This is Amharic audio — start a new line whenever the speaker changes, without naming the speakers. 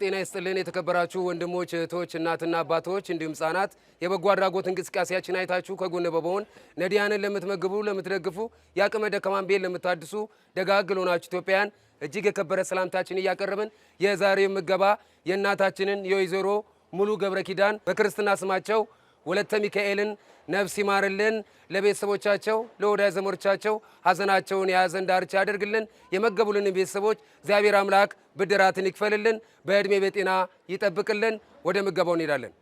ጤና ይስጥልን። የተከበራችሁ ወንድሞች እህቶች፣ እናትና አባቶች እንዲሁም ህጻናት የበጎ አድራጎት እንቅስቃሴያችን አይታችሁ ከጎን በመሆን ነዲያንን ለምትመግቡ፣ ለምትደግፉ፣ የአቅመ ደካማን ቤት ለምታድሱ ደጋግ ለሆናችሁ ኢትዮጵያን እጅግ የከበረ ሰላምታችን እያቀረብን የዛሬው ምገባ የእናታችንን የወይዘሮ ሙሉ ገብረ ኪዳን በክርስትና ስማቸው ወለተ ሚካኤልን ነፍስ ይማርልን። ለቤተሰቦቻቸው ለወዳጅ ዘመዶቻቸው ሀዘናቸውን የያዘን ዳርቻ ያደርግልን። የመገቡልንን ቤተሰቦች እግዚአብሔር አምላክ ብድራትን ይክፈልልን፣ በዕድሜ በጤና ይጠብቅልን። ወደ ምገባው እንሄዳለን።